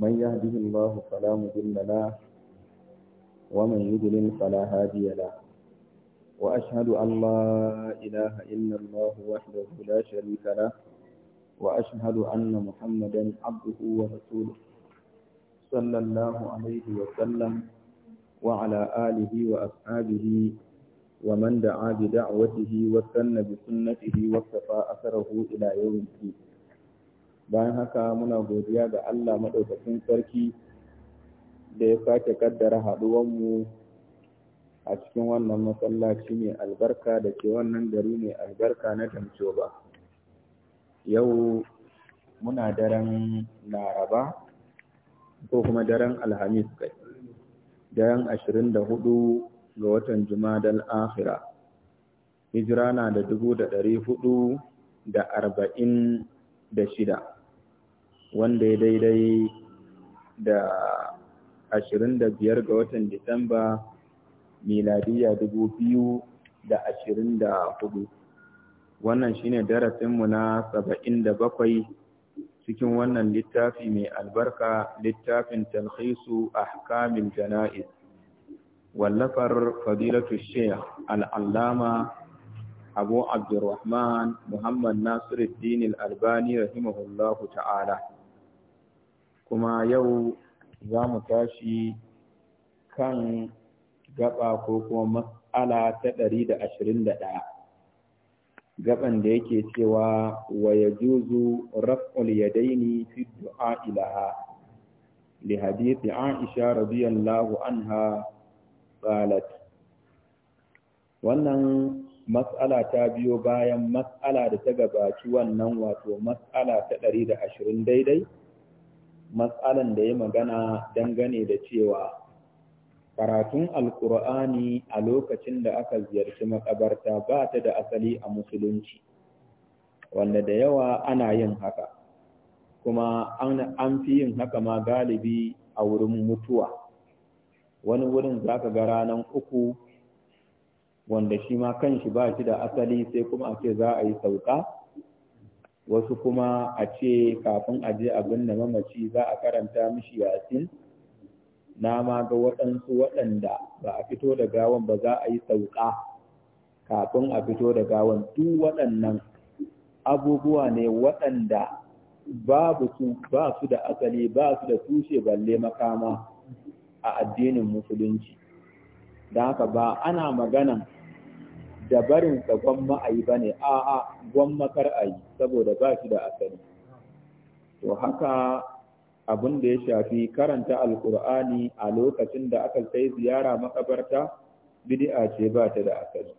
من يهده الله فلا مضل له ومن يضلل فلا هادي له وأشهد أن لا إله إلا الله وحده لا شريك له وأشهد أن محمدا عبده ورسوله صلى الله عليه وسلم وعلى آله وأصحابه ومن دعا بدعوته واستنى بسنته واصطفى أثره إلى يوم الدين bayan haka muna godiya ga Allah maɗaukakin sarki da ya sake kaddara haɗuwanmu a cikin wannan masallaci mai albarka da ke wannan gari mai albarka na ba Yau muna daren Laraba ko kuma daren Alhamis kai, daren ashirin da hudu ga watan Jumadal Akhira. Hijira na da dubu da dari hudu da arba'in da shida. wanda ya daidai da 25 ga watan Disamba miladiya 2024. Wannan shine darasinmu na 77 cikin wannan littafi mai albarka littafin talhisu ahkamin jana'iz. Wallafar fadilatu Sheikh al'allama Abu Abdurrahman Muhammad Nasiruddin Albani rahimahullahu ta'ala. kuma yau za mu tashi kan gaba ko kuma mas'ala ta ɗari da ashirin da ɗaya gaban da yake cewa wa ya juzu raf'ul yadaini fi du'a ilaha li hadithi aisha radiyallahu anha qalat wannan mas'ala ta biyo bayan mas'ala da ta gabaci wannan wato mas'ala ta ɗari da ashirin daidai matsalan da ya magana dangane da cewa karatun alkur'ani a lokacin da aka ziyarci makabarta ba ta da asali a musulunci wanda da yawa ana yin haka kuma an fi yin haka ma galibi a wurin mutuwa wani wurin za ka ga ranar uku wanda shi ma kan shi ba shi da asali sai kuma a ce za a yi sauka wasu kuma a ce kafin a je abin da mamaci za a karanta mishi yasin na ma ga waɗansu waɗanda ba a fito da gawan ba za a yi sauka kafin a fito da gawan duk waɗannan abubuwa ne waɗanda babu su ba su da asali ba su da tushe balle makama a addinin musulunci da haka ba ana maganan da barinsa sa gwamma ayi bane a a gwamma kar ayi saboda ba shi da asali to haka abin da ya shafi karanta alkur'ani a lokacin da aka kai ziyara makabarta bid'a ce ba ta da asali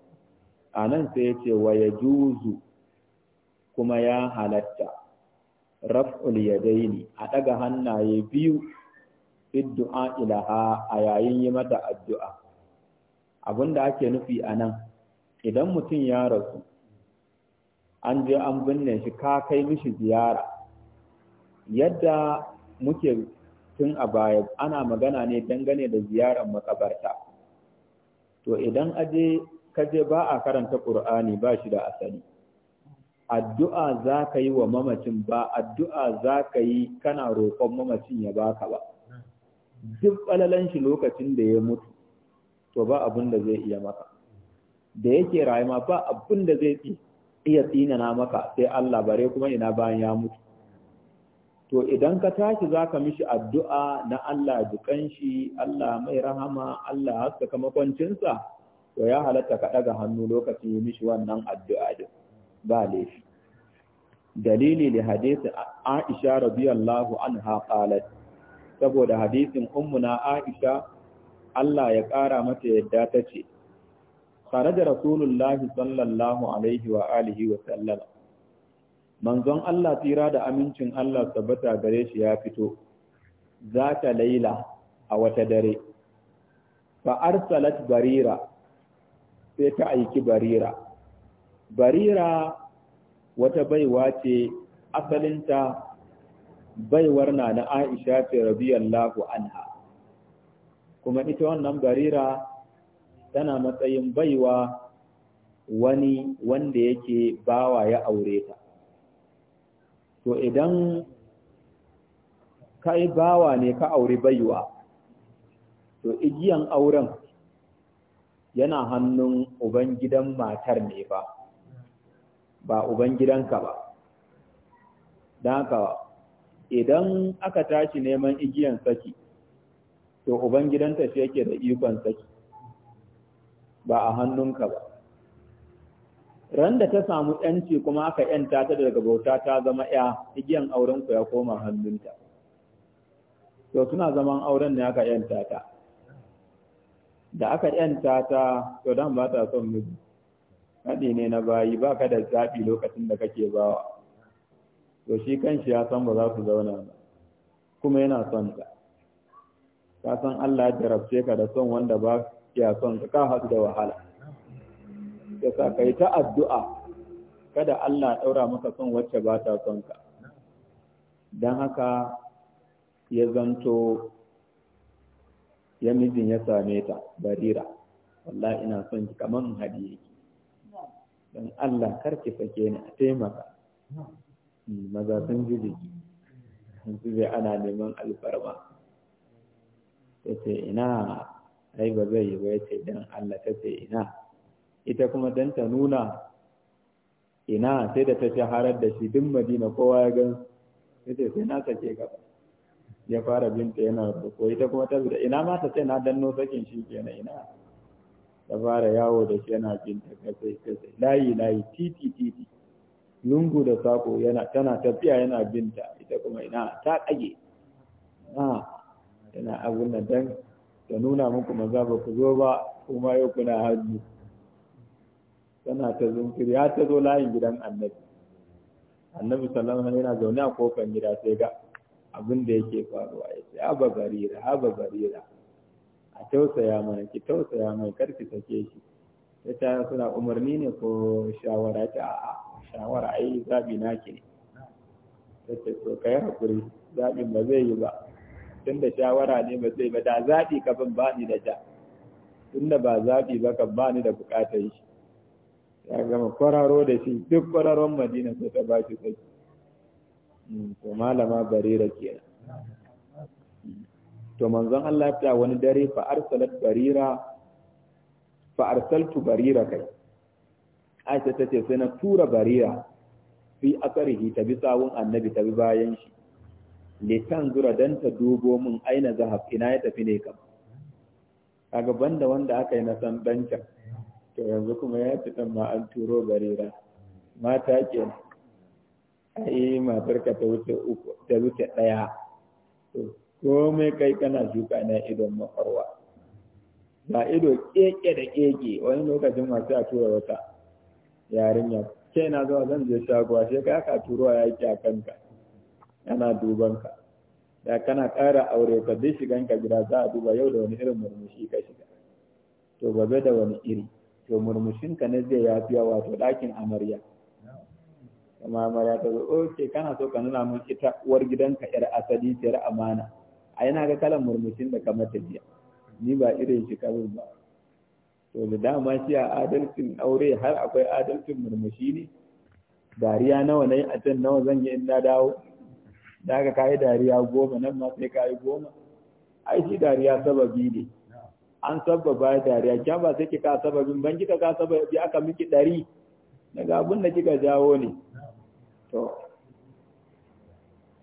a nan sai ya ce wa ya juzu kuma ya halatta raf'ul yadaini a ɗaga hannaye biyu du'a ilaha a yayin yi mata addu'a abin da ake nufi a nan idan mutum ya rasu an je an binne shi ka kai mishi ziyara yadda muke tun a baya ana magana ne dangane da ziyarar makabarta to idan aje kaje ba a karanta ƙur'ani ba shi da asali addu'a za ka yi wa mamacin ba addu'a za ka yi kana roƙon mamacin ya baka ba duk ɓalalan shi lokacin da ya mutu to ba abin da zai iya maka da yake rayuwa ba abin da zai iya tsinana maka sai Allah bare kuma ina bayan ya mutu to idan ka tashi zaka mishi addu'a na Allah dukan shi Allah mai rahama Allah haskaka makwancinsa to ya halatta ka daga hannu lokacin yi mishi wannan addu'a din ba laifi dalili da hadisin Aisha radiyallahu anha qalat saboda hadisin na Aisha Allah ya ƙara mata yadda ta ce, da rasulullahi sallallahu alaihi wa alihi wa sallam manzon Allah tsira da amincin Allah tabbata gare shi ya fito za ta laila a wata dare fa arsalat barira sai ta aiki barira barira wata baiwa ce asalinta baiwar na na Aisha ce radiyallahu anha kuma ita wannan barira tana matsayin baiwa wani wanda yake bawa ya aure ta to idan kai bawa ne ka aure baiwa to igiyan auren yana hannun uban gidan matar ne ba ba uban ka ba don haka idan aka tashi neman igiyan saki to uban gidanta shi yake da ikon saki ba a hannunka ba Randa ta samu ‘yanci kuma aka ‘yanta ta daga bauta ta zama ‘ya igiyan aurenku ya koma hannunta to suna zaman auren ne aka ‘yanta ta da aka ‘yanta ta to dan ba ta son miji haɗi ne na bayi ba ka da zaɓi lokacin da kake bawa to shi kanshi ya san ba za su zauna ba kuma yana son ta ka san Allah ya jarabce ka da son wanda ba ya son ka haɗu da wahala ya sa ka yi ta addu'a kada Allah ɗaura maka son wacce ba ta son ka don haka ya zanto ya mijin ya same ta barira wallahi ina son ki kaman hadiye don Allah karki sake ni a taimaka hmm, maza sun ji jiki sun ana neman alfarma ta ce ina ai ba zai yi ba yace dan Allah ta ce ina ita kuma dan ta nuna ina sai da ta shaharar da shi duk Madina kowa ya gan ce sai na sake gaba ya fara binta yana roƙo ita kuma ta da ina ma ta ce na danno sakin shi kenan ina ta fara yawo da shi yana binta kasai kasai layi layi titi titi lungu da sako yana tana tafiya yana binta ita kuma ina ta kage na tana abun nan dan ta nuna muku maza ba ku zo ba kuma yau kuna hajji tana ta zunkiri ya ta zo layin gidan annabi annabi sallallahu alaihi yana zaune a kofar gida sai ga abin da yake faruwa ya ce haba barira haba barira a tausaya mana ki tausaya mai karki sake shi ya ta suna umarni ne ko shawara ta a'a shawara ai zabi naki ne ta ce to kai hakuri zabin ba zai yi ba tun da shawara ne ba zai ba da zaɓi kafin ba ni da ja tun da ba zaɓi ba kan ba ni da buƙatar shi ya gama kwararo da shi duk kwararon madina sai ta ba shi tsaki hmm, to malama barira kenan to manzon Allah ya wani dare fa arsalat barira fa arsaltu barira kai Aisha tace sai na tura barira fi akarihi ta bi sawun annabi ta bi bayan shi litan zura dan ta dubo min aina zahab ina ya tafi ne kam kaga banda wanda aka yi na san danta to yanzu kuma ya ci ma an turo barira mata ke ai matar ka ta wuce uku ta wuce daya to komai kai kana shuka na idon makarwa ba ido keke da keke wani lokacin masu a tura wata yarinya ke na zuwa zan je shagowa sai ka ka turuwa ya ki a kanka yana duban da kana ƙara aure ka bi shigan ka gida za a duba yau da wani irin murmushi ka shiga to gobe da wani iri to murmushin ka ne zai yafiya wato ɗakin amarya kuma amarya ta zo okay oh, kana so ka nuna mun ita uwar gidanka yar asali yar amana a yana ga kalan murmushin da ka mata jiya ni ba irin shi kawai ba to da dama shi a adalcin aure har akwai adalcin murmushi ne dariya nawa na yi a can nawa zan yi in na dawo da aka kayi dariya goma nan ma sai kayi goma ai shi dariya sababi ne an sababa dariya kyan ba sai kika sababin ban kika ka sababi aka miki dari daga abin da kika jawo ne to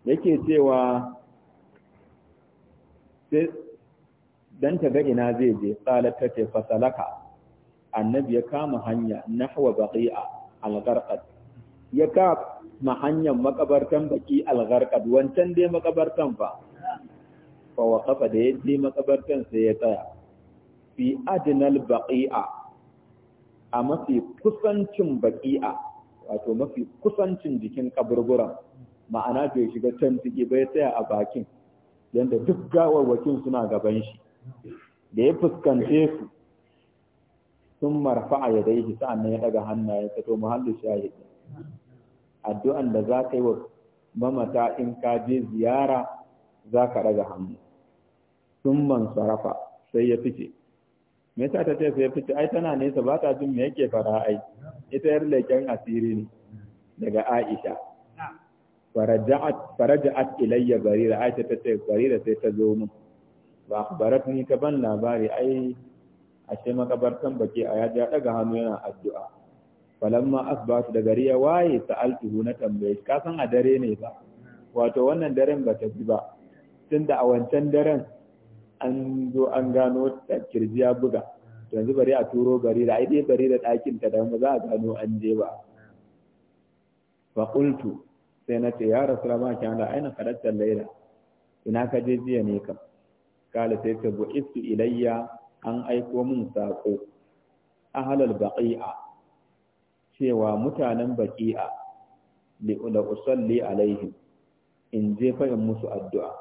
yake cewa sai dan ta ga ina zai je tsalata ce fasalaka annabi ya kama hanya nahwa baqi'a al-gharqad ya ka ma hanyar makabartan baki algharqad wancan dai makabartan fa fa kafa da ya je makabartan sai ya tsaya fi adnal baqi'a a mafi kusancin baqi'a wato mafi kusancin jikin kaburburan ma'ana bai shiga can ciki bai tsaya a bakin yanda duk gawarwakin suna gaban shi da ya fuskance su sun marfa a yadda yi sa'an nan ya daga hannayen sato muhallin shahidi addu'an da za ka yi wa mamata in ka je ziyara za ka ɗaga hannu sun man sarrafa sai ya fice me yasa ta ce sai ya fice ai tana nesa ba ta jin me yake fara ai ita yar leken asiri ne daga Aisha faraja'at ilayya barira Aisha ta ce barira sai ta zo min ba akhbaratni ta ban labari ai ashe makabartan baki a ya daga hannu yana addu'a falamma asbatu da gari ya waye sa'altuhu na tambaye ka san a dare ne ba wato wannan daren ba ta bi ba tunda a wancan daren an zo an gano kirji ya buga yanzu bari a turo gari da aidai gari da ɗakin ta da za a gano an je ba fa qultu sai na ce ya rasulullah kana aina qadatta laila ina ka je jiya ne kam kala sai ta bu'istu ilayya an aiko min sako ahlal baqi'a cewa mutanen baki'a da usalli alaihim in je fa in musu addu'a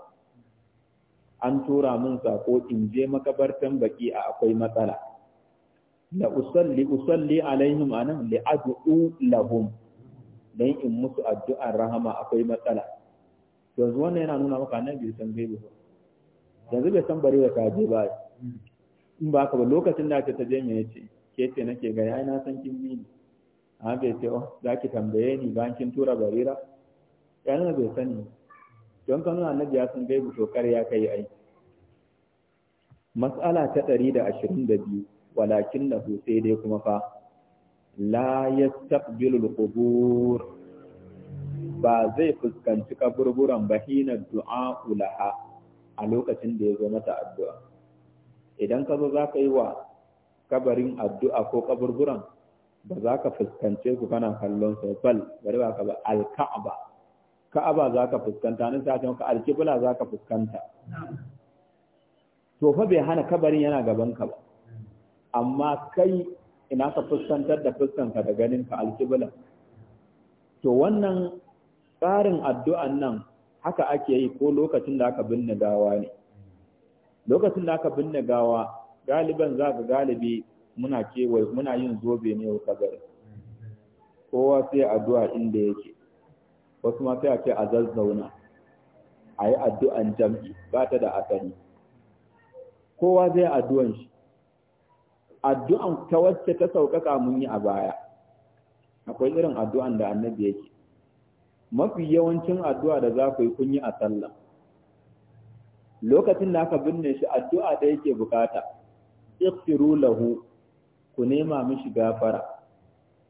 an tura mun sako in je makabartan baki'a akwai matsala la usalli usalli alaihim nan, li ad'u lahum dan in musu addu'ar rahama akwai matsala yanzu wannan yana nuna maka nan bai san bai ba yanzu bai san bari da kaje ba in ba ka ba lokacin da ka ta je me yace ke ce nake ga yana san kin mini? amma bai ce oh za ki tambaye ni bayan kin tura barira yana nuna bai sani don ka nuna annabi ya san gaibu to ya kai ai mas'ala ta 122 walakin da sai dai kuma fa la yastaqbilul qubur ba zai fuskanci kaburburan ba hina du'a ulaha a lokacin da ya zo mata addu'a idan ka zo za ka yi wa kabarin addu'a ko kaburburan ba za ka fuskance su kana kallon su bal bari ba ka ba alka'aba ka'aba za ka fuskanta nan ta ce alkibla za ka fuskanta to fa bai hana kabarin yana gaban ka ba amma kai ina ka fuskantar da fuskanka da ganin ka alkibla to wannan tsarin addu'an nan haka ake yi ko lokacin da aka binne gawa ne lokacin da aka binne gawa galiban za ka galibi muna kewaye muna yin zobe ne wa kagare kowa sai addu'a inda yake wasu ma sai a ce a zazzauna a yi addu'an jam'i ba ta da asali kowa zai addu'an shi addu'an ta wacce ta sauƙaƙa mun yi a baya akwai irin addu'an da annabi yake mafi yawancin addu'a da za ku yi kun yi a sallah lokacin da aka binne shi addu'a da yake bukata ighfiru lahu ku nema mishi gafara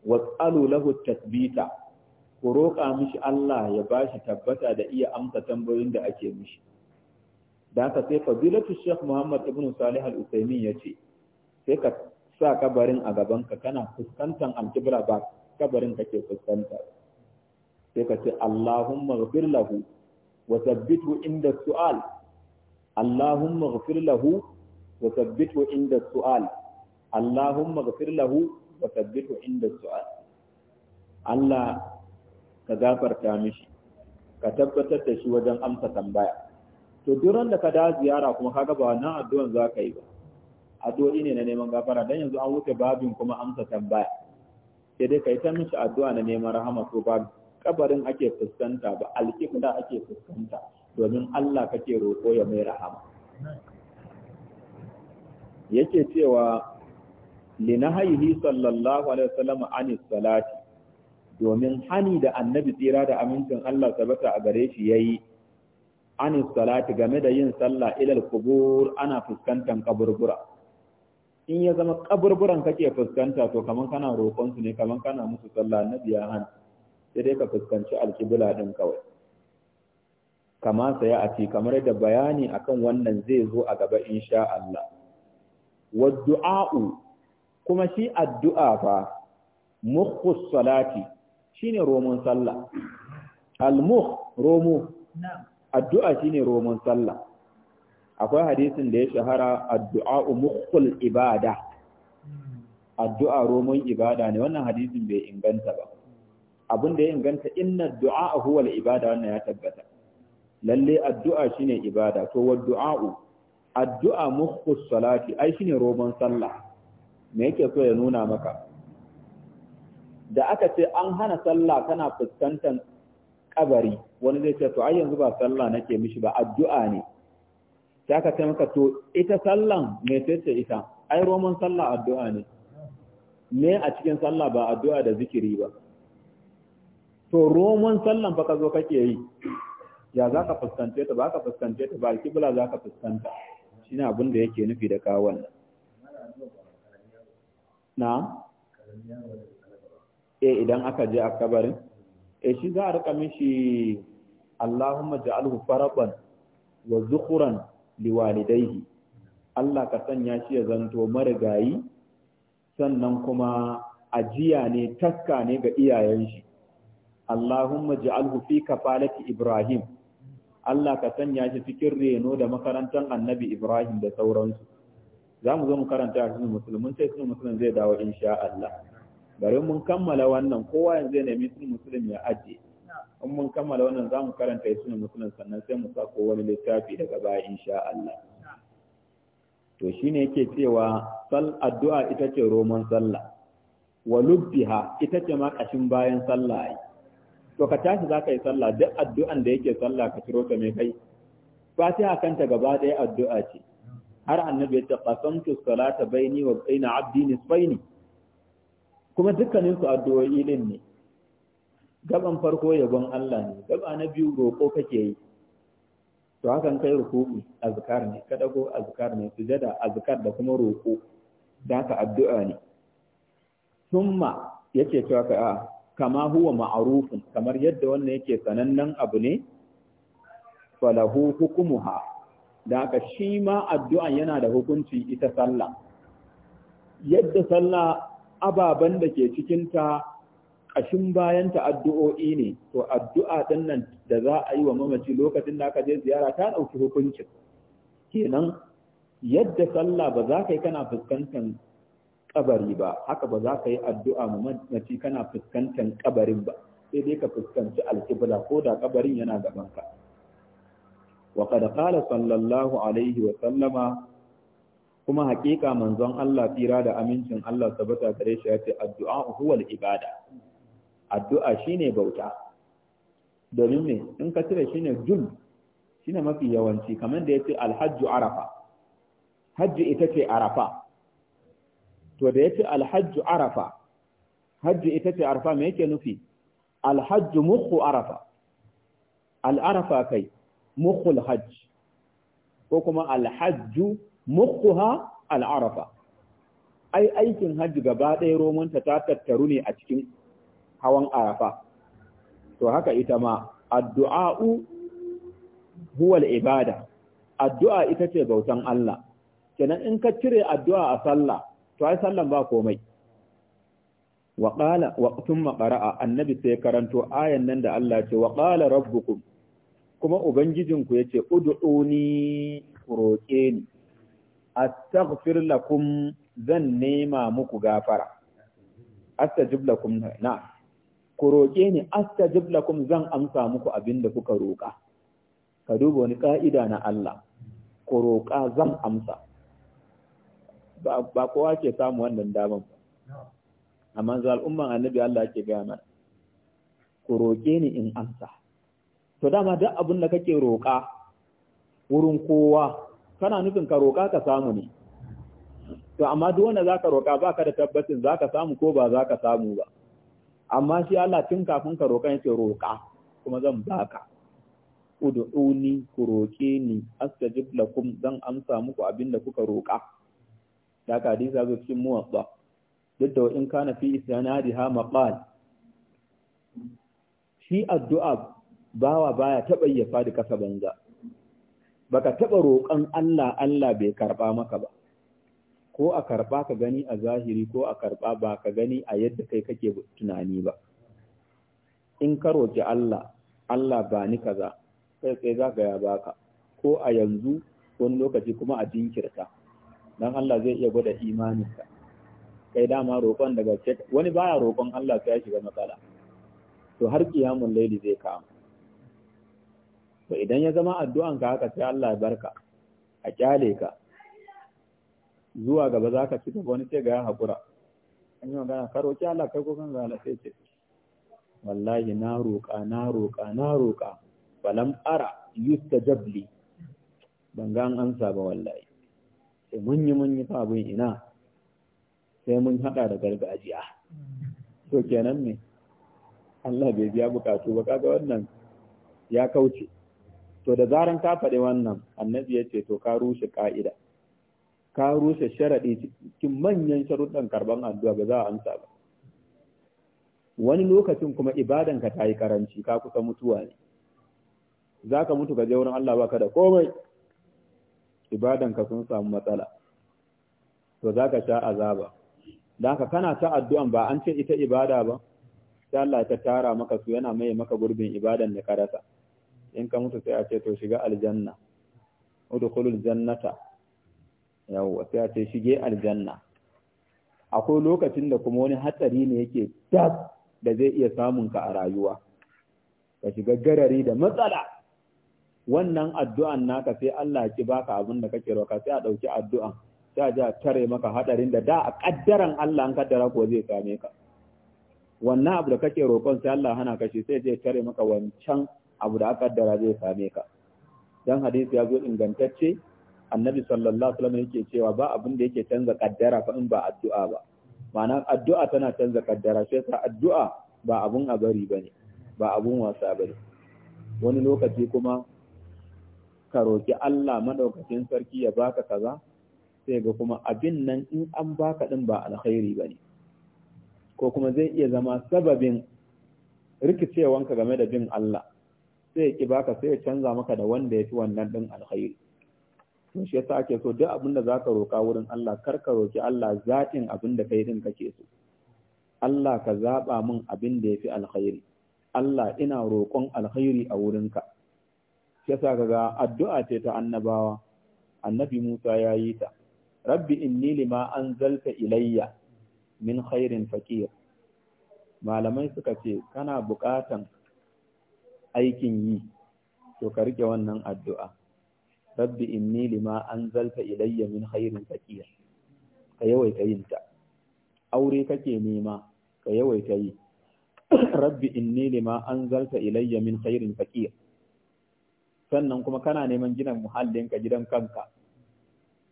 was'alu lahu tasbita ku roƙa mishi Allah ya bashi tabbata da iya amsa tambayoyin da ake mishi da haka sai fadilatu Sheikh Muhammad Ibn Salih Al-Utsaimin yace sai ka sa kabarin a gabanka. kana fuskantar alkibla ba kabarin kake fuskanta sai ka ce Allahumma ghfir lahu wa thabbithu inda su'al Allahumma ghfir lahu wa thabbithu inda su'al Allahumma gafir lahu wa tabbitu inda su'al Allah ka gafarta mishi ka tabbatar da shi wajen amsa tambaya to duran da ka da ziyara kuma ka ba wannan addu'an za ka yi ba addu'o'i ne na neman gafara dan yanzu an wuce babin kuma amsa tambaya sai dai kai ta mishi addu'a na neman rahama ko ba kabarin ake fuskanta ba alƙibla ake fuskanta domin Allah kake roƙo ya mai rahama yake cewa linahayihi sallallahu alaihi wasallam an salati domin hani da annabi tsira da amincin Allah sabata a gare shi yayi an salati game da yin sallah ilal kubur ana fuskantar kaburbura in ya zama kaburburan kake fuskanta to kaman kana roƙon su ne kaman kana musu sallah annabi ya hani. sai dai ka fuskanci alkibla din kawai kama sai a ci kamar da bayani akan wannan zai zo a gaba insha Allah wa du'a'u kuma shi addu'a fa mukhus salati shine romon sallah al-mukh romo addu'a shine romon sallah akwai hadisin da ya shahara addu'a mukhul ibada addu'a romon ibada ne wannan hadisin bai inganta ba abin da ya inganta inna du'a a huwal ibada wannan ya tabbata lalle addu'a shine ibada to wa addu'a mukhus salati ai shine romon sallah me yake so ya nuna maka da aka ce an hana sallah kana fuskantar kabari wani zai ce to ai yanzu ba sallah nake mishi ba addu'a ne sai aka ce maka to ita sallan me ce ita ai roman sallah addu'a ne me a cikin sallah ba addu'a da zikiri ba to roman sallan fa ka zo kake yi ya za ka fuskance ta ba ka fuskance ta ba kibla za ka fuskanta shine abin da yake nufi da kawo na eh idan aka je a kabarin e shi za a rika mishi Allahumma ja'alhu faraban wa zukhran liwalidayhi Allah ka sanya shi ya zanto marigayi sannan kuma ajiya ne taska ne ga iyayen shi Allahumma ja'alhu fi kafalati Ibrahim Allah ka sanya shi cikin reno da makarantar Annabi Ibrahim da sauransu za mu zo mu karanta a sunan musulun mun sunan musulun zai dawo insha Allah bari mun kammala wannan kowa yanzu zai nemi sunan musulun ya aje in mun kammala wannan za mu karanta sunan musulun sannan sai mu sako wani littafi daga baya insha Allah to shine yake cewa sal addu'a ita ce roman sallah wa lubbiha ita ce ma kashin bayan sallah to ka tashi za ka yi sallah duk addu'an da yake sallah ka ciro ta mai kai fatiha kanta gaba ɗaya addu'a ce har annabi ya ce qasamtu salata baini wa baina abdi nisfaini kuma dukkanin su addu'o'i din ne gaban farko yabon Allah ne gaba na biyu roƙo kake yi to hakan kai ruku'i azkar ne ka dago azkar ne sujada azkar da kuma roƙo da ka addu'a ne summa yake cewa ka ah, kama huwa ma'arufin kamar yadda wannan yake sanannen abu ne falahu hukumuha da aka shi ma addu'an yana da hukunci ita sallah yadda sallah ababen da ke cikinta ƙashin bayanta addu'o'i ne to addu'a ɗin nan da za a yi wa mamaci lokacin da aka je ziyara ta ɗauki hukunci kenan yadda sallah ba za ka yi kana fuskantar kabari ba haka ba za ka yi addu'a mamaci kana fuskantar kabarin ba sai dai ka fuskanci alkibla ko da ƙabarin yana gabanka. ka wa qad qala sallallahu alaihi wa sallama kuma haƙiƙa manzon Allah tsira da amincin Allah sabata gare shi ya ce addu'a huwal ibada addu'a shine bauta domin me in ka cire shine jul shine mafi yawanci kamar da yace alhajju arafa hajji ita ce arafa to da yace alhajju arafa hajji ita ce arafa me yake nufi alhajju mukhu arafa al'arafa kai mukhul hajj ko kuma alhajju mukhuha al'arafa ai aikin hajji gaba ɗaya romanta ta tattaru ne a cikin hawan arafa to haka ita ma addu'a'u huwal ibada addu'a ita ce bautan Allah kenan in ka cire addu'a a sallah to ai sallan ba komai wa qala wa thumma qara'a annabi sai karanto ayan nan da Allah ce wa qala rabbukum kuma ubangijinku yace ud'uni roƙe ni astaghfir lakum zan nema muku gafara astajib lakum na ku roƙe ni astajib lakum zan amsa muku abinda kuka roƙa ka duba wani ka'ida na Allah ku zan amsa ba kowa ke samu wannan daman ba amma za al'umman annabi Allah ke gaya mana ku roƙe ni in amsa to dama duk abin da kake roƙa wurin kowa kana nufin ka roƙa ka samu ne to amma duk wanda zaka roƙa baka da tabbacin zaka samu ko ba zaka samu ba amma shi Allah tun kafin ka roƙa yake roƙa kuma zan baka ud'uni ku roƙe ni astajib lakum zan amsa muku abin da kuka roƙa da ka hadisa zo cikin muwatta duk da in kana fi ha maqal shi addu'a bawa baya taɓa ya faɗi kasa banza baka taɓa roƙon Allah Allah bai karɓa maka ba ko a karɓa ka gani a zahiri ko a karɓa ba ka gani a yadda kai kake tunani ba in ka roƙi Allah Allah ba ni kaza kai tsaye za ka ya baka ko a yanzu wani lokaci kuma a jinkirta dan Allah zai iya gwada imaninka kai dama roƙon daga wani baya roƙon Allah sai ya shiga matsala to har kiyamun laili zai kama to idan ya zama addu'an ka haka sai Allah ya barka a kyale ka zuwa gaba za ka ci gaba wani ce ga ya haƙura an yi magana karo ki Allah kai ko kan zala sai ce wallahi na roƙa na roƙa na roƙa balam ara yustajab ban ga an amsa ba wallahi sai mun yi mun yi sabon ina sai mun haɗa da gargajiya to kenan ne Allah bai biya bukatu ba kaga wannan ya kauce to da zaran ka faɗi wannan annabi ya ce to ka rushe ka'ida ka rushe sharaɗi cikin manyan sharuɗan karɓar addu'a ba za a amsa ba wani lokacin kuma ibadanka ta yi karanci ka kusa mutuwa ne za ka mutu ka je wurin Allah baka da komai ibadanka sun samu matsala to za ka sha azaba da haka kana ta addu'an ba an ce ita ibada ba sai Allah ta tara maka su yana mai maka gurbin ibadan da ka rasa in ka mutu sai a ce to shiga aljanna udkhulul jannata yawa sai a ce shige aljanna akwai lokacin da kuma wani hatsari ne yake tas da zai iya samun ka a rayuwa ka shiga garari da matsala wannan addu'an naka sai Allah ya ki baka abin da kake roka sai a dauki addu'an sai a ji a tare maka hadarin da da a kaddaran Allah an kaddara ko zai same ka wannan abu da kake roƙon sai Allah hana ka shi sai zai tare maka wancan abu da aka kaddara zai same ka dan hadisi ya zo ingantacce annabi sallallahu alaihi wasallam yake cewa ba abin da yake canza kaddara fa in ba addu'a ba ma'ana addu'a tana canza kaddara sai sa addu'a ba abun a bari bane ba abun wasa bane wani lokaci kuma ka roki Allah madaukakin sarki ya baka kaza sai ga kuma abin nan in an baka din ba alkhairi bane ko kuma zai iya zama sababin rikicewanka game da bin Allah sai ya ki baka sai ya canza maka da wanda ya fi wannan ɗin alkhairi to shi yasa ake so duk abin da zaka roka wurin Allah kar ka roki Allah zatin abinda da kai din kake so Allah ka zaɓa min abin da yafi alkhairi Allah ina roƙon alkhairi a wurinka shi yasa kaga addu'a ce ta annabawa annabi Musa ya yi ta rabbi inni lima anzalta ilayya min khairin fakir malamai suka ce kana buƙatan aikin yi to ka rike wannan addu'a rabbi inni lima anzalta ilayya min khairin faqiya ka yawaita yin ta aure kake nema ka yawaita yi rabbi inni lima anzalta ilayya min khairin faqiya sannan kuma kana neman gidan muhallinka gidan kanka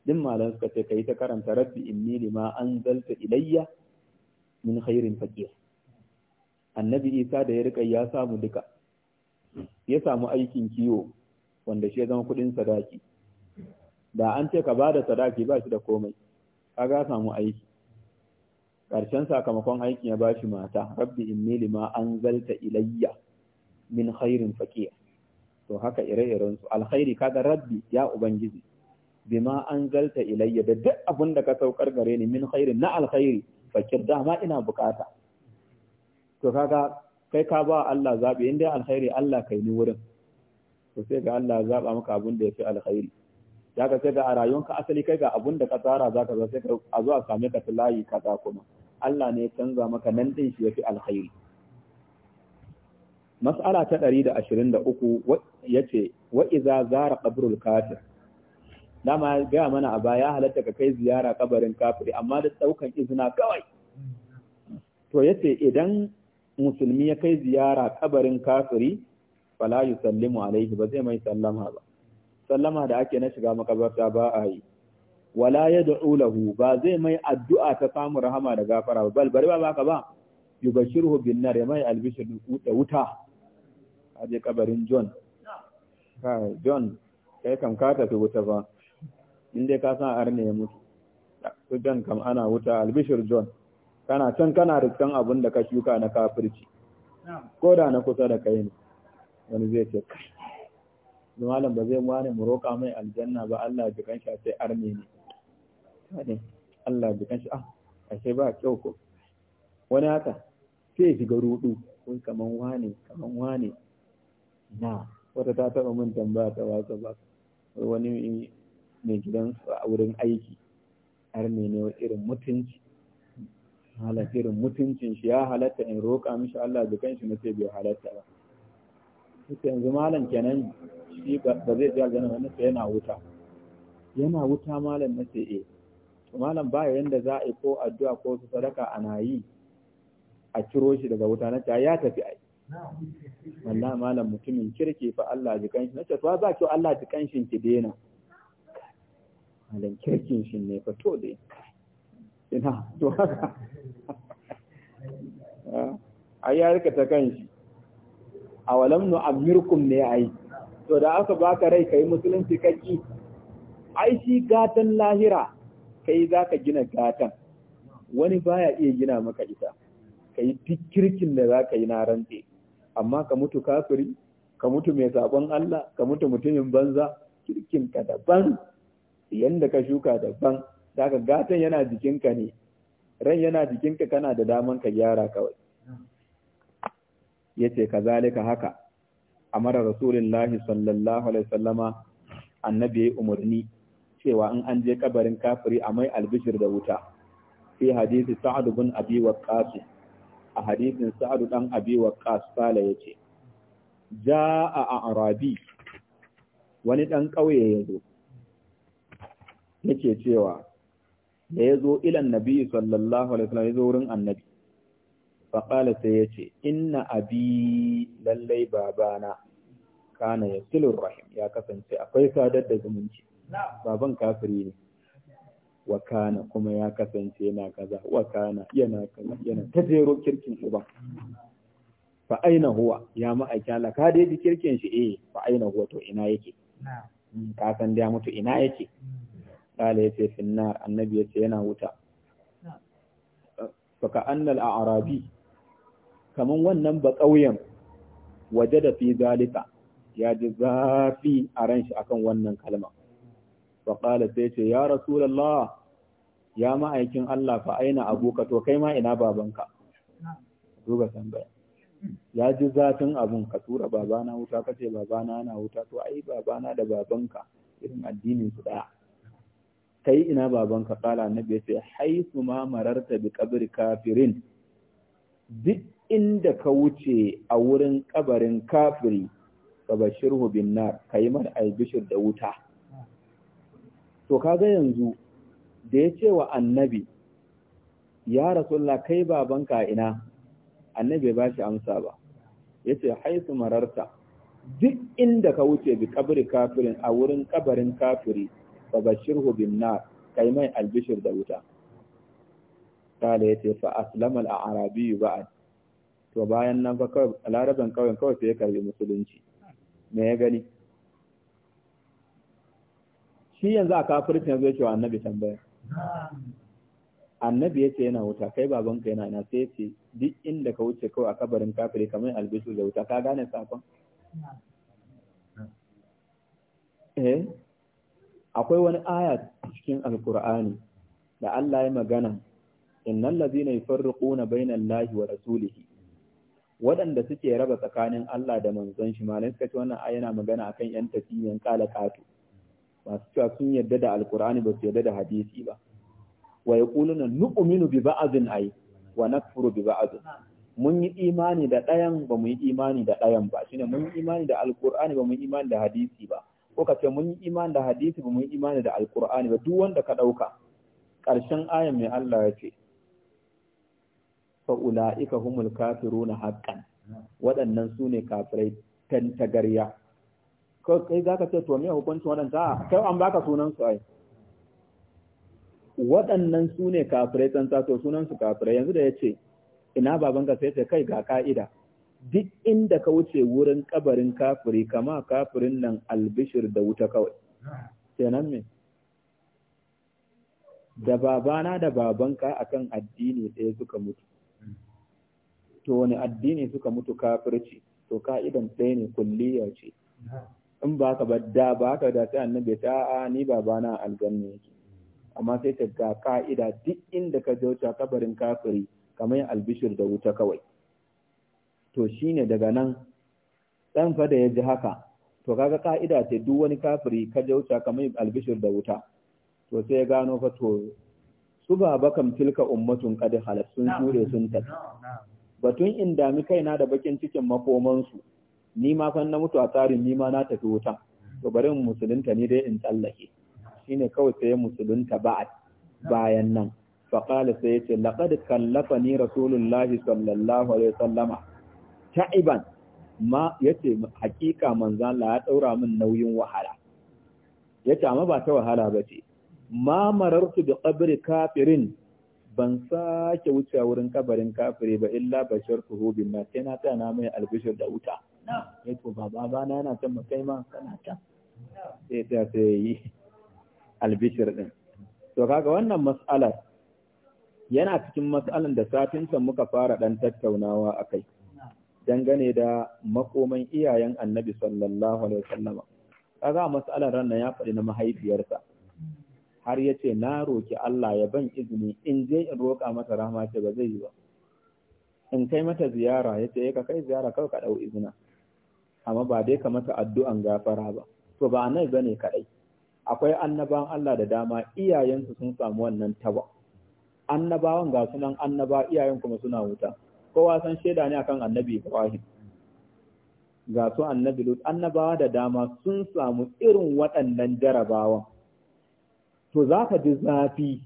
din malan suka ce kai ta karanta rabbi inni lima anzalta ilayya min khairin faqiya annabi isa da ya rika ya samu duka ya samu aikin kiwo wanda shi ya zama kuɗin sadaki da an ce ka ba da sadaki ba shi da komai kaga samu aiki ƙarshen sakamakon aikin ya bashi mata rabbi inni lima anzalta ilayya min khairin faqiya to haka ire-iren su alkhairi kaga rabbi ya ubangiji bima anzalta ilayya da duk abin da ka saukar gare ni min khairin na alkhairi fakir dama ina bukata to kaga kai ka ba Allah zaɓi in dai alkhairi Allah kai ni wurin to sai ga Allah zaɓa maka abin da ya fi alkhairi ya ka sai ga a rayuwanka asali kai ga abun da ka tsara za ka zo sai a zo a same ka layi kaza kuma Allah ne ya canza maka nan din shi ya fi alkhairi mas'ala ta 123 yace wa iza zara qabrul kafir dama ga mana a baya halatta ka kai ziyara kabarin kafiri amma da daukan izina kawai to yace idan musulmi ya kai ziyara kabarin kafiri fala yusallimu alaihi ba zai mai sallama ba sallama da ake na shiga makabarta ba a yi wala yad'u lahu ba zai mai addu'a ta samu rahama da gafara ba bal bari ba baka ba yubashirhu bin nar mai albishir da wuta aje kabarin John kai John kai kam ka tafi wuta ba in dai ka san arne ya mutu to John kam ana wuta albishir John kana can kana riskan abin da ka shuka na kafirci ko da na kusa da kai ne wani zai ce kai malam ba zai wani mu roƙa mai aljanna ba Allah ji kanshi sai arme ne Allah ji kanshi ah ashe ba kyau ko wani haka sai ga rudu kun kaman wane kaman wane na wata ta taba min tambaya ta wasa ba wani mai gidan a wurin aiki arme ne irin mutunci halatta mutuncin shi ya halatta in roƙa mishi Allah da shi na sai bai halatta ba sai yanzu malam kenan shi ba zai ji aljanna ba nace yana wuta yana wuta malam nace eh to malam ba yadda za a yi ko addu'a ko su sadaka ana yi a ciro shi daga wuta nace ya tafi ai wallahi malam mutumin kirki fa Allah ji shi. nace to ba ki Allah ji shi ki dena malam kirkin shi ne fa to dai ina to haka a ah, ya rika ta kan shi a walam nu amirkum ne ai to da aka baka rai kai musulunci kaki ai shi gatan lahira kai zaka gina gatan wani baya iya gina maka ita kai duk kirkin da zaka yi na rantse amma ka mutu kafiri ka mutu mai sabon Allah ka mutu mutumin banza kirkin ka daban yanda ka shuka daban daga gatan yana jikinka ne ran yana jikinka kana da daman ka gyara kawai yace zalika haka amara rasulullahi sallallahu alaihi wasallama annabi ya umarni cewa in an je kabarin kafiri a mai albishir da wuta fi hadisi sa'ad bin abi waqqas a hadisin sa'ad dan abi waqqas sala yace jaa arabi wani dan kauye yazo yake cewa da ya zo ilan nabi sallallahu alaihi wasallam ya zo wurin annabi faƙala sai ya ce inna abi lallai babana kana ya silur rahim ya kasance akwai sadar da zumunci baban kafiri ne wa kana kuma ya kasance yana kaza wa kana yana kaza yana ta jero kirkin uban fa aina huwa ya ma'aika la ka dai bi kirkin shi eh fa aina huwa to ina yake hmm, ka san da mutu ina yake hmm. kala ya ce finnar annabi ya ce yana wuta faka annal a arabi Kamar wannan ba ƙauyen waje da fi zalika ya ji zafi a ranshi shi akan wannan kalma wa kala sai ce ya rasulallah ya aikin Allah fa aina abuka to kai ma ina babanka duba tambaya ya ji zafin abun ka tura babana wuta kace babana yana wuta to ai babana da babanka irin addinin su kai ina babanka kala annabi ya ce haisu ma mararta bi kabri kafirin duk inda ka wuce a wurin kabarin kafiri ka bashirhu bin nar kai mar albishir da wuta to kaga yanzu da ya ce wa annabi ya rasulullah kai babanka ina annabi ba shi amsa ba yace haisu mararta duk inda ka wuce bi kabri kafirin a wurin kabarin kafiri فبشره bashirhu bin kai mai albishir da wuta kala yace fa aslama al-arabi ba'd to bayan nan fa kawai يغني kawai kawai كافر ya karbi musulunci me ya a annabi annabi yace yana wuta kai babanka yana na sai yace duk inda ka wuce kawai a kabarin kafiri kamar albishir da wuta ka gane sakon eh akwai wani aya cikin alkur'ani da Allah ya magana innal ladina yufarriquna bainal lahi wa rasulihi waɗanda suke raba tsakanin Allah da manzon shi malai suka ce wannan aya yana magana akan yan tafiyan kala kato masu cewa sun yadda da alkur'ani ba su yadda da hadisi ba wa yaquluna nu'minu bi ba'dhin ay wa nakfuru bi ba'dhin mun yi imani da ɗayan ba mu yi imani da ɗayan ba shine mun yi imani da alkur'ani ba mu yi imani da hadisi ba ko ka ce mun yi imani da hadisi ba mun yi imani da alkur'ani ba duk wanda ka ɗauka ƙarshen ayan mai Allah ya ce ulaika humul kafiru haqqan haƙƙan waɗannan su ne kafirai tantagarya kai za ka ce to me hukunci waɗanta kai an baka sunan su ai waɗannan su ne kafirai tsantsa to sunan su kafirai yanzu da ya ce ina babanka sai ce kai ga ka'ida duk inda ka wuce wurin kabarin kafiri kama kafirin nan albishir da wuta kawai kenan me da babana da babanka akan addini ɗaya suka mutu to wani addini suka mutu kafirci to ka'idan ɗaya ne kulliya ce in ba ka ba da ba ka da sai annabi ta a ni babana alganni yake amma sai ta ga ka'ida duk inda ka je wuce kabarin kafiri kamar albishir da wuta kawai to shi ne daga nan ɗan fa da ya ji haka to kaga ka'ida ce duk wani kafiri ka je wuta kamar albishir da wuta to sai ya gano fa to su ba bakam tilka ummatun kadi halat sun shure sun tafi batun in dami kaina da bakin cikin makomansu ni ma san na mutu a tsarin ni ma na tafi wuta to bari mu musulunta ni dai in tsallake shine kawai sai musulunta ba bayan nan faqala sai yace laqad kallafani rasulullahi sallallahu alaihi wasallama ta'iban ma yace hakika manzo Allah ya daura min nauyin wahala yace amma ba ta wahala bace ma marartu bi qabri kafirin ban sake wuce wurin kabarin kafire ba illa bashar bin na sai na na mai albishir da wuta Yace to baba ba na yana can kai ma kana ta. sai ta sai albishir din to kaga wannan mas'alar yana cikin mas'alan da satin muka fara dan tattaunawa akai dangane da makoman iyayen annabi sallallahu alaihi wasallama kaga mas'alar ran ya faɗi na mahaifiyarsa har ya ce na roki Allah ya ban izini in je in roƙa mata Rahma ce ba zai yi ba in kai mata ziyara ya ce eh, ka kai ziyara kawai ka ɗau izina amma ba dai ka mata addu'an gafara ba to ba nan bane kaɗai akwai annabawan Allah da dama iyayensu sun samu wannan taba annabawan ga sunan annaba iyayen kuma suna wuta kowa san shaida ne akan annabi Ibrahim ga su annabi Lut annabawa da dama sun samu irin waɗannan jarabawan to zaka ji zafi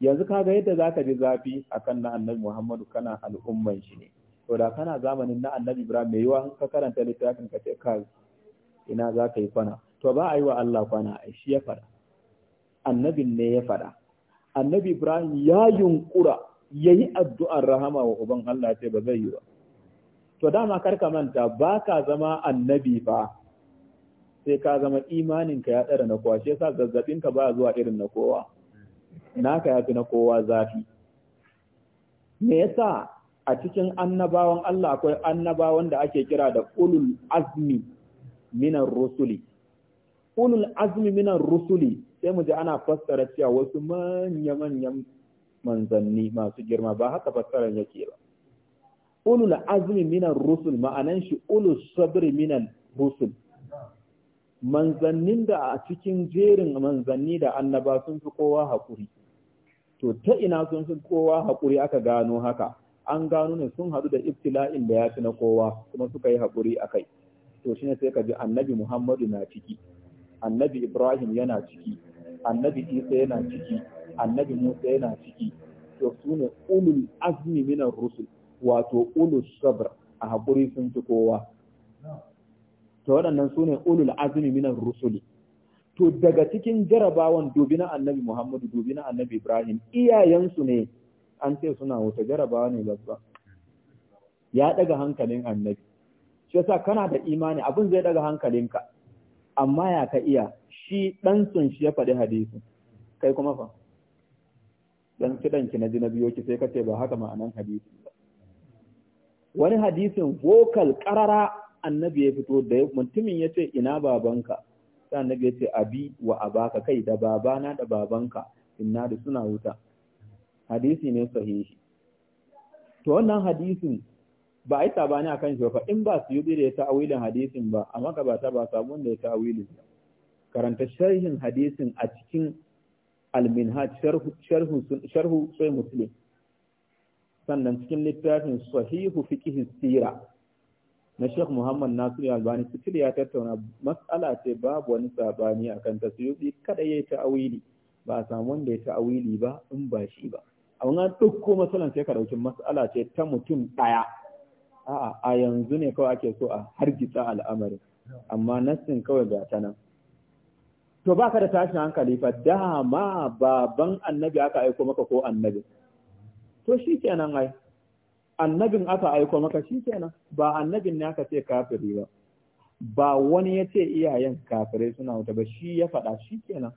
yanzu kaga yadda zaka ji zafi akan na annabi Muhammadu kana al'umman shi ne to da kana zamanin na annabi Ibrahim mai yiwa ka karanta littafin ka ce kai ina zaka yi kwana to ba a yi wa Allah kwana shi ya fada annabin ne ya fada annabi Ibrahim ya yunkura ya yi addu'ar rahama wa uban Allah ce ba zai yi ba. To dama karka manta ba ka zama annabi fa, sai ka zama imaninka ya ɗara na kowa, shi yasa ka ba zuwa irin na kowa, naka ya fi na kowa zafi. Me yasa a cikin annabawan Allah akwai annabawan da ake kira da ulul azmi minan rusuli. Ulul azmi minan rusuli sai mu ji ana fassara cewa wasu manya-manyan manzanni masu girma ba haka fassarar yake ba ulul azmi Minan rusul ma'anan shi ulul sabri minan rusul manzannin da a cikin jerin manzanni da annaba sun fi kowa haƙuri to ta ina sun fi kowa haƙuri aka gano haka an gano ne sun haɗu da ibtila'in da ya fi na kowa kuma suka yi haƙuri a kai to shine sai ka ji annabi muhammadu na ciki annabi ibrahim yana ciki annabi isa yana ciki annabi Musa yana ciki to su ulul azmi minar rusul wato ulul sabr a hakuri sun ci kowa to waɗannan su ulul azmi minar rusul to daga cikin jarabawan dubi na annabi Muhammadu dubi na annabi Ibrahim iyayensu ne an ce suna wata jarabawa ne babba ya daga hankalin annabi shi yasa kana da imani abin zai daga hankalinka amma ya ka iya shi dan sun shi ya faɗi hadisi kai kuma fa dan kidan ki na ji na biyo ki sai kace ba haka ma'anan hadisi ba. wani hadisin vocal karara annabi ya fito da mutumin ya ce ina babanka sai annabi ya ce abi wa abaka kai da babana da babanka inna da suna wuta hadisi ne sahihi to wannan hadisin ba a yi sabani a kan shi ba in ba su yi da ya ta'awilin hadisin ba amma ka ba ta ba sabon da ya ta'awilin karanta sharhin hadisin a cikin al-minhaj sharhu sharhu sai muslim sannan cikin littafin sahihu fiqh sira na Sheikh Muhammad Nasir Albani Sitil ya tattauna mas'ala ce babu wani sabani akan tasyubi kada yayi ta'awili ba a samu wanda ya tawili ba in ba shi ba amma dukko masalan sai ka dauki mas'ala ce ta mutum daya a'a a yanzu ne kawai ake so a hargitsa al'amarin amma nassin kawai ga ta nan to ba ka da tashin hankali fa dama baban annabi aka aiko maka ko annabi to shi nan ai annabin aka aiko maka shi nan. ba annabin ne aka ce kafiri ba ba wani ya ce iyayen kafirai suna wuta ba shi ya faɗa nan.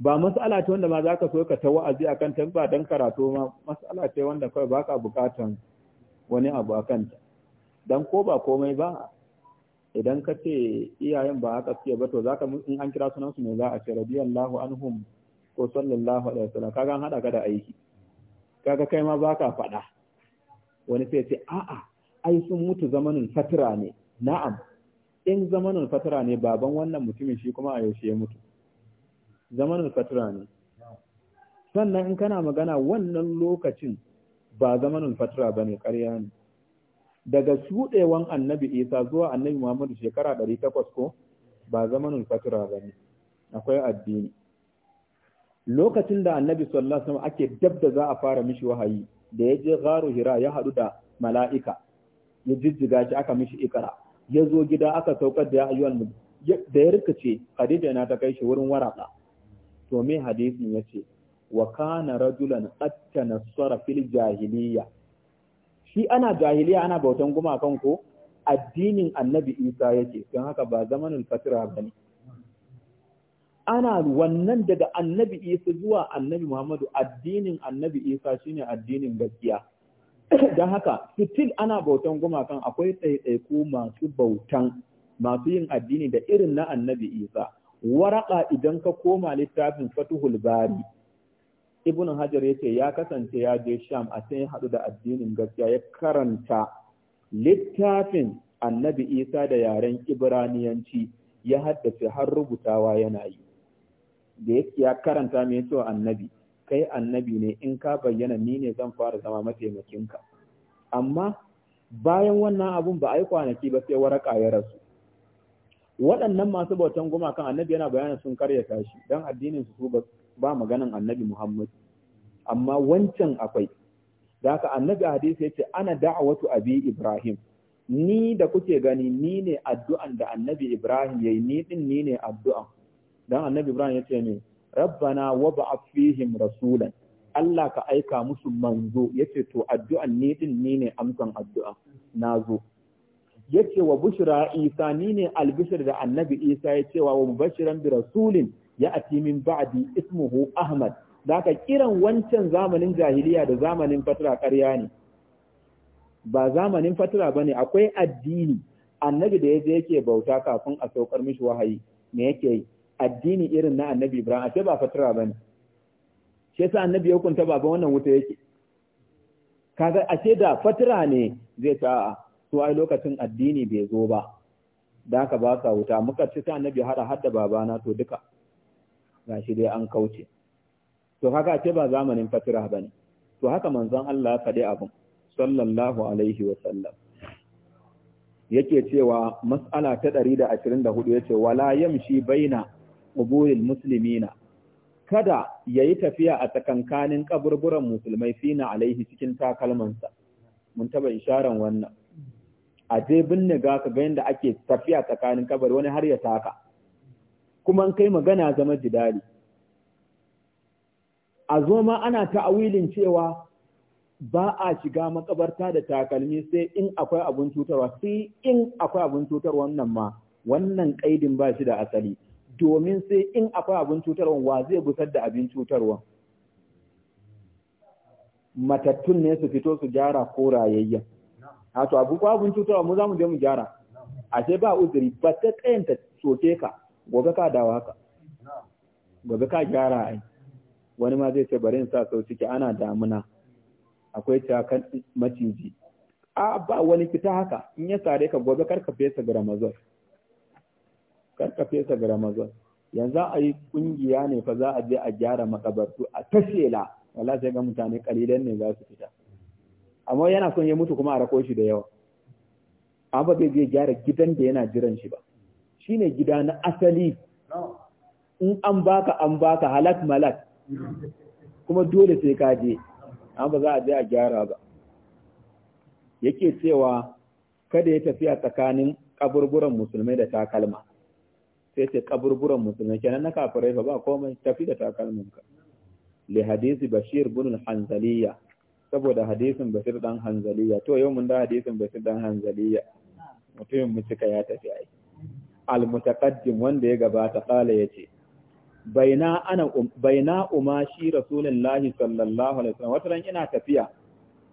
ba mas'ala ce wanda ma za ka so ka ta wa'azi akan ta ba don karatu ma mas'ala ce wanda kawai baka bukatan wani abu akan ta dan ko ba komai ba idan ka ce iyayen ba haka suke ba to zaka in an kira sunan su ne za a ce radiyallahu anhum ko sallallahu alaihi wasallam kaga an hada ka da aiki kaga kai ma baka faɗa wani sai ce a'a ai sun mutu zamanin fatira ne na'am in zamanin fatira ne baban wannan mutumin shi kuma a yaushe ya mutu zamanin fatira ne sannan in kana magana wannan lokacin ba zamanin fatira bane ƙarya ne daga shuɗewan annabi isa zuwa annabi muhammadu shekara ɗari takwas ko ba zamanin fatira ba ne akwai addini lokacin da annabi sallallahu alaihi wasallam ake dab da za a fara mishi wahayi da ya je gharu hira ya haɗu da mala'ika ya jijjiga shi aka mishi ikara ya zo gida aka saukar da ya ayyuan da ya rikice khadija na ta kai shi wurin waraka to me hadisin yace wa kana rajulan atta nasara fil jahiliya shi ana jahiliya ana bautan gumakan ko addinin annabi isa yake don haka ba zamanul fatira ba ne ana wannan daga annabi isa zuwa annabi muhammadu addinin annabi isa shine addinin gaskiya don haka fitil ana bautan gumakan akwai ɗaiɗaiku masu bautan masu yin addini da irin na annabi isa waraka idan ka koma littafin fatuhul bari ibn hajar yace ya kasance ya je sham a can ya haɗu da addinin gaskiya ya karanta littafin annabi isa da yaren ibraniyanci ya haddace har rubutawa yana yi da ya karanta mai cewa annabi kai annabi ne in ka bayyana ni ne zan fara zama mataimakinka amma bayan wannan abun ba a yi kwanaki ba sai waraka ya rasu waɗannan masu bautan gumakan annabi yana bayanin sun karyata shi don addinin su ba ba maganan annabi Muhammad amma wancan akwai da haka annabi hadisi yace ana da'awatu abi Ibrahim ni da kuke gani ni ne addu'an da annabi Ibrahim yayi ni din ni ne addu'an dan annabi Ibrahim yace ne rabbana waba fihim rasulan Allah ka aika musu manzo yace to addu'an ni din ni ne amsan addu'a nazo yace wa bushra isa ni ne albishir da annabi isa ya ce wa mubashiran bi rasulin ya ati min ba'di ismuhu ahmad daga kiran wancan zamanin jahiliya da zamanin fatira ƙarya ne ba zamanin fatira bane akwai addini annabi da yaje yake bauta kafin a saukar mishi wahayi me yake yi addini irin na annabi ibrahim ashe ba fatira bane shi yasa annabi ya hukunta baban wannan wuta yake kaga ashe da fatira ne zai ta to ai lokacin addini bai zo ba da ka ba ka wuta muka ci ta annabi hada hadda babana to duka ga shi dai an kauce to haka ce ba zamanin fatira ba ne to haka manzon Allah ya faɗi abin sallallahu alaihi wa sallam yake cewa mas'ala ta 124 yace wala yamshi baina musulmi muslimina kada yayi tafiya a tsakankanin kaburburan musulmai fina alaihi cikin takalmansa mun taba isharan wannan a je binne ga ka ga yanda ake tafiya tsakanin kabari wani har ya taka kuma in kai magana zama jidali a zo ma ana ta'awilin cewa ba a shiga makabarta da takalmi sai in akwai abun cutarwa sai in akwai abun cutar wannan ma wannan kaidin ba shi da asali domin sai in akwai abun cutarwa wa zai busar da abin cutarwa matattun ne su fito su gyara ko rayayya a to abu cutarwa mu za mu je mu gyara ashe ba uzuri ba ta kayanta soke ka gobe ka dawo haka gobe ka gyara ai wani ma zai ce bari in sa sau ciki ana damuna akwai kan maciji a ba wani fita haka in ya sare ka gobe kar ka fesa gramazol ka fesa gramazol yanzu a yi kungiya ne fa za a je a gyara makabartu a tashela wala sai ga mutane kalilan ne za su fita amma yana son ya mutu kuma a rako shi da yawa amma ba zai je gyara gidan da yana jiran shi ba Shi ne gida na asali in an baka an baka halak malak kuma dole sai ka je an ba za a je a gyara ba yake cewa kada ya tafiya tsakanin kaburburan musulmai da takalma sai sai kaburburan musulmai kenan na kafirai ba ba komai tafi da takalmin ka li hadisi bashir bin hanzaliya saboda hadisin bashir dan hanzaliya to yau mun da hadisin bashir dan hanzaliya mutumin mutuka ya tafi aiki al wanda ya gabata kala yace baina ana um, baina uma shi rasulullahi sallallahu alaihi wasallam wataran ina tafiya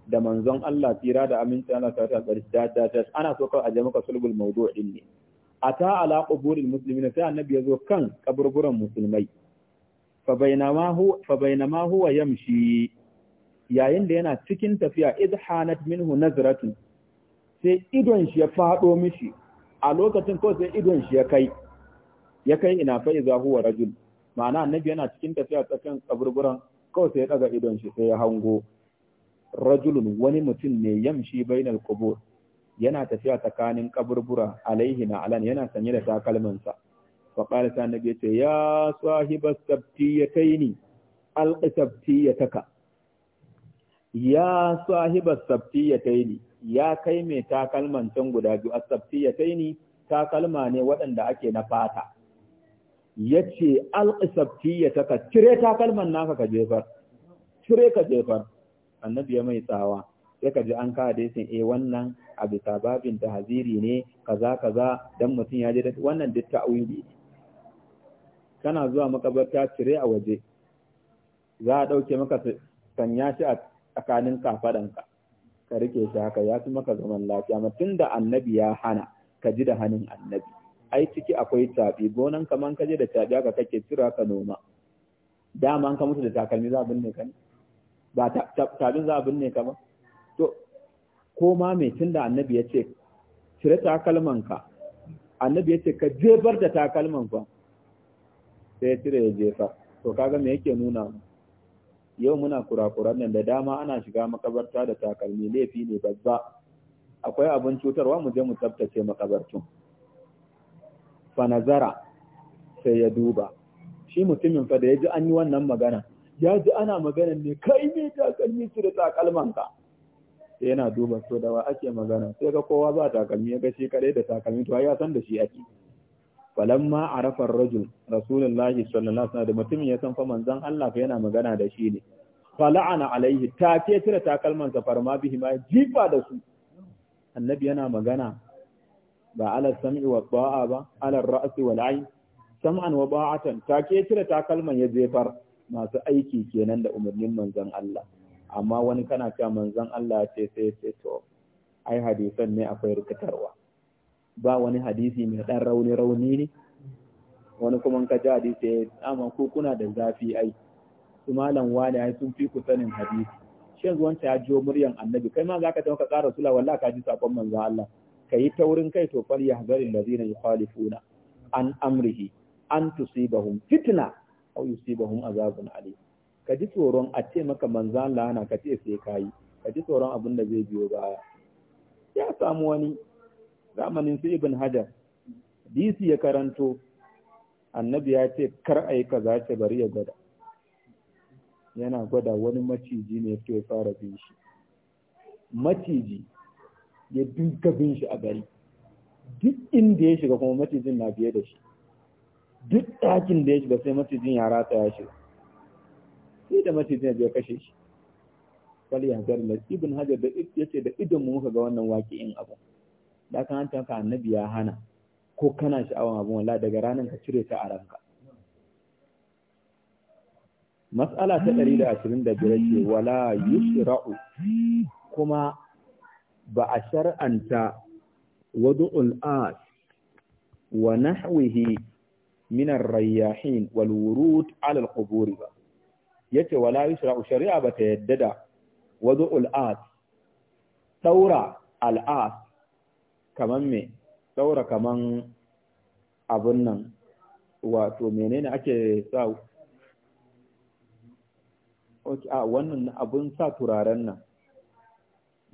da manzon Allah tira da aminta Allah ta ta da da ana so ka aje maka sulbul mawdu'in ne ata ala quburil muslimin sai annabi yazo kan kaburburan musulmai fa bainama hu fa bainama huwa yamshi yayin da yana cikin tafiya idhanat minhu nazratu sai idon shi ya fado mishi a lokacin kawai sai idon shi ya kai ya kai ina fa iza huwa rajul ma'ana annabi yana cikin tafiya tsakan kaburburan kawai sai ya daga idon shi sai ya hango rajulun wani mutum ne yamshi bainal qubur yana tafiya tsakanin kaburbura alaihi na alan yana sanye da takalminsa fa qala sa annabi ya ce ya sahibas sabtiyataini al sabtiyataka ya sahibas sabtiyataini ya kai mai takalman can guda biyu kai ni takalma ne waɗanda ake na fata ya ce ta ka cire takalman naka ka jefar cire ka jefar annabi ya mai tsawa sai ka ji an ka da yasin eh wannan a bisa babin da haziri ne kaza kaza dan mutum ya je wannan duk ta'awili ne kana zuwa makabarta cire a waje za a ɗauke maka sanya shi a tsakanin kafaɗanka ka rike shi haka ya fi maka zaman lafiya amma tunda annabi ya hana ka ji da hannun annabi ai ciki akwai tafi gonan kaman ka je da tafi haka kake cira ka noma dama an ka mutu da takalmi za a binne ka ne ba tafin za a binne ka ba to ko ma me tunda annabi ya ce cire takalman ka annabi ya ce ka jebar da takalman ka sai ya cire ya jefa to kaga me yake nuna mu yau muna kurakuran nan da dama ana shiga makabarta da takalmi laifi ne babba akwai abin cutarwa mu je mu tsaftace makabartun fa nazara sai ya duba shi mutumin fa da ya ji an yi wannan magana ya ji ana magana ne kai ne takalmi su da ka sai yana duba so da wa ake magana sai ga kowa ba takalmi ya ga shi kare da takalmi to ya san da shi ake falamma arafa rajul rasulullahi sallallahu alaihi wasallam mutum ya san fa manzan Allah fa yana magana da shi ne fala'ana alaihi ta ce tira takalman sa farma bihi ma jifa da su annabi yana magana ba ala sam'i wa ta'a ba ala ra'si wal ayn sam'an wa ba'atan ta ke tira takalman ya jefar masu aiki kenan da umarnin manzon Allah amma wani kana cewa manzon Allah ya ce sai sai to ai hadisan ne akwai rikitarwa ba wani hadisi mai ɗan rauni-rauni ne wani kuma ka ji hadisi eh, amma ko kuna da zafi ai su malam wani ai sun fi ku sanin hadisi shi yanzu ya jiyo muryan annabi kai ma zaka ka ka tsara sula wallahi ka ji sakon manzo Allah kai taurin kai to fal yahzaril ladina yukhalifuna an amrihi an tusibahum fitna aw yusibahum azabun alim ka ji tsoron a ce maka manzo Allah ana ka ce sai kai ka ji tsoron abinda zai biyo baya ya samu wani zamanin su ibn hajar Bisi ya karanto annabi ya ce kar a yi kaza ce bari ya gwada yana gwada wani maciji ne fito ya fara bin shi maciji ya dinka bin shi a gari duk inda ya shiga kuma macijin na biye da shi duk ɗakin da ya shiga sai macijin ya rata ya shiga sai da macijin ya kashe shi kwalli ya da ibn hajar da ya ce da idan mu muka ga wannan in abu da kan hanta ka annabi ya hana ko kana sha'awan abun wallahi daga ranar ka cire ta a ranka mas'ala ta 125 ce wala yusra'u kuma ba a shar'anta wudu'ul as wa nahwihi min ar-rayyahin wal wurud 'ala al-qubur ba yace wala yusra'u shari'a ba ta yadda da wadu'ul as taura al-as kaman me ɗaura kaman abun nan wato menene ake sa a wannan abun sa turaren nan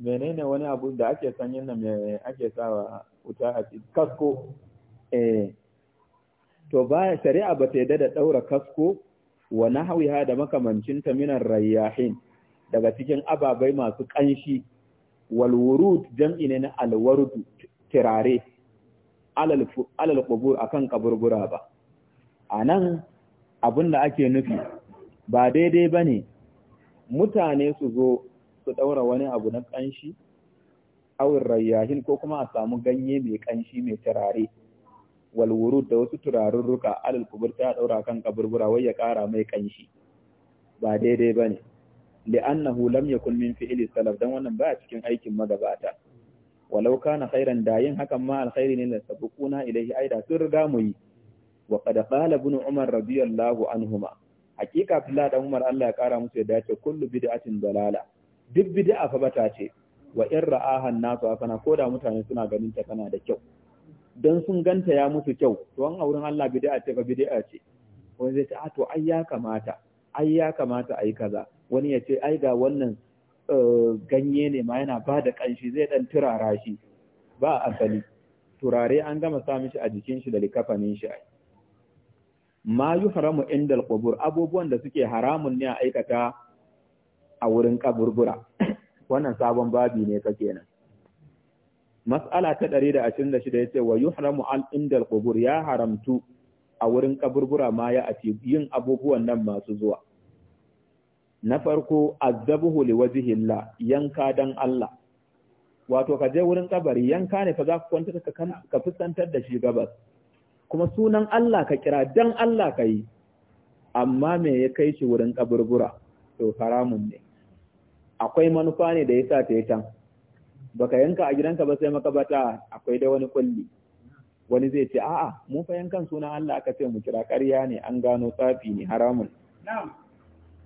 menene wani abu da ake sanyin nan me ake sawa wuta a cikin kasko eh to baya shari'a ba ta yadda da daura kasko wa nahwiha da makamancinta minar rayyahin daga cikin ababai masu kanshi walwurud jam'i ne na alwarudu tirare alal kubur akan kaburbura ba a nan abin da ake nufi ba daidai ba mutane su zo su daura wani abu na kanshi awin rayyahin ko kuma a samu ganye mai kanshi mai turare walwurud da wasu turarurruka alal kubur ta ɗaura kan kaburbura wai ya ƙara mai kanshi ba daidai ba li'annahu لم يكن min فعل السلف dan wannan ba cikin aikin magabata walau kana khairan da yin hakan ma alkhairi ne la sabuquna ilayhi aida sun riga mu yi wa qad qala ibn umar radiyallahu anhuma hakika Abdullah dan Umar Allah ya kara musu ya dace kullu bid'atin dalala duk bid'a fa bata ce wa in ra'aha an-nasu hasana ko da mutane suna ganin ta kana da kyau dan sun ganta ya musu kyau to an auren Allah bid'a ce ba bid'a ce wani zai ce ah, to ai ya kamata ai ya kamata ai kaza wani ya ce ai ga wannan eh, ganye ne ma yana ba da ƙanshi zai ɗan turara shi ba a asali turare an gama sa mishi a jikin shi da likafanin shi ai ma yi haramu inda alƙubur abubuwan da suke haramun ne a aikata a wurin kaburbura wannan sabon babi ne ka kenan mas'ala ta 126 yace wa yuhramu al indal qubur ya haramtu a wurin kaburbura ma ya ati yin abubuwan nan masu zuwa na farko azzabuhu liwajhillah yanka dan Allah wato ka je wurin kabari yanka ne fa za ka kwanta ka fuskantar da shi gabas kuma sunan Allah ka kira dan Allah ka amma me ya kai shi wurin kaburbura to haramun ne akwai manufa ne da yasa ta yi baka yanka a gidanka ba sai makabata akwai da wani kulli wani zai ce a'a mu fa yankan sunan Allah aka ce mu kira ƙarya ne an gano tsafi ne haramun na'am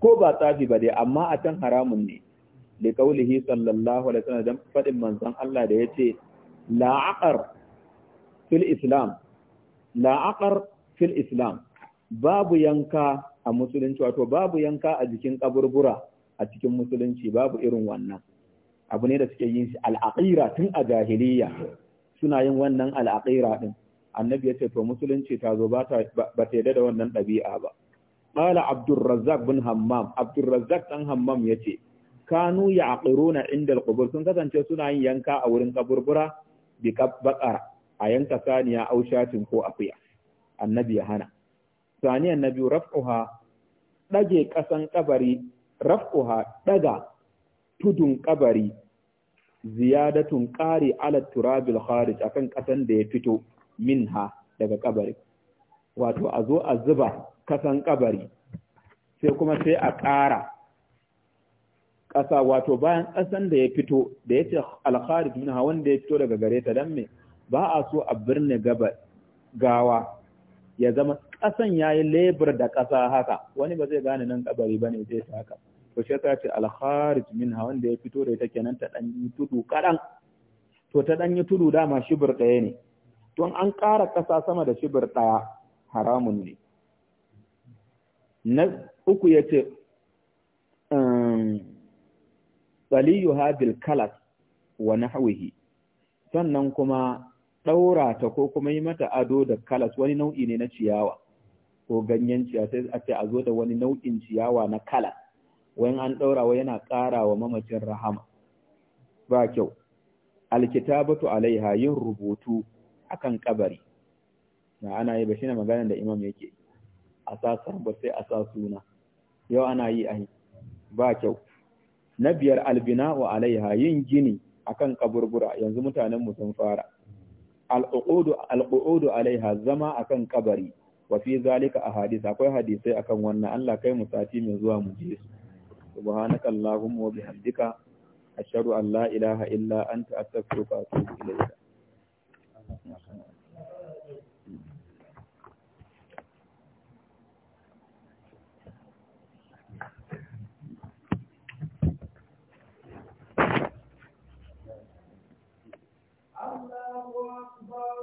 ko ba tsafi ba dai amma a can haramun ne da kaulihi sallallahu alaihi wasallam dan fadin manzon Allah da yace la aqar fil islam la aqar fil islam babu yanka a musulunci wato babu yanka a jikin kaburbura a cikin musulunci babu irin wannan abu ne da suke yin shi al-aqira tun a jahiliya suna yin wannan al-aqira din annabi ya ce to musulunci ta zo ba ta yadda da wannan ɗabi'a ba qala Abdulrazak bin hammam abdurrazzaq ɗan hammam ya ce. kanu ya na inda alƙubur sun kasance suna yin yanka a wurin kaburbura bi baƙar a yanka saniya au shatin ko akuya annabi ya hana saniyan biyu raf'uha dage kasan kabari raf'uha daga tudun kabari ziyadatun ƙari ala turabil kharij akan kasan da ya fito minha daga kabari wato a zo a zuba kasan kabari sai kuma sai a ƙara ƙasa wato bayan ƙasan da ya fito da ya ce alkharij minha wanda ya fito daga gare ta dan me ba a so a birne gawa ya zama ƙasan ya yi lebur da ƙasa haka wani ba zai gane nan kabari ne zai sa haka to shi ta ce alkharij minha wanda ya fito da ita kenan ta dan yi tudu kaɗan, to ta dan yi tudu dama shibir ɗaya ne to an ƙara ƙasa sama da shibir ɗaya haramun ne na uku ya ce tsaliyu habil kalas wa nahwihi sannan kuma ɗaura ta ko kuma yi mata ado da kalas wani nau'i ne na ciyawa ko ganyen ciyawa sai a ce a zo da wani nau'in ciyawa na kalas wani an ɗaura wa yana ƙara wa mamacin rahama ba kyau alkitabatu alaiha yin rubutu akan kabari na ana yi ba shine maganar da imam yake yi a sa ba sai a sa suna yau ana yi ai ba kyau na biyar albina wa alaiha yin gini akan kaburbura yanzu mutanen mu sun fara al'uqudu al'uqudu alaiha zama akan kabari wa fi zalika ahadith akwai hadisai akan wannan Allah kai mu sati mai zuwa mu je su subhanaka allahumma wa bihamdika ashhadu an la ilaha illa anta astaghfiruka wa atubu ilayka الله أكبر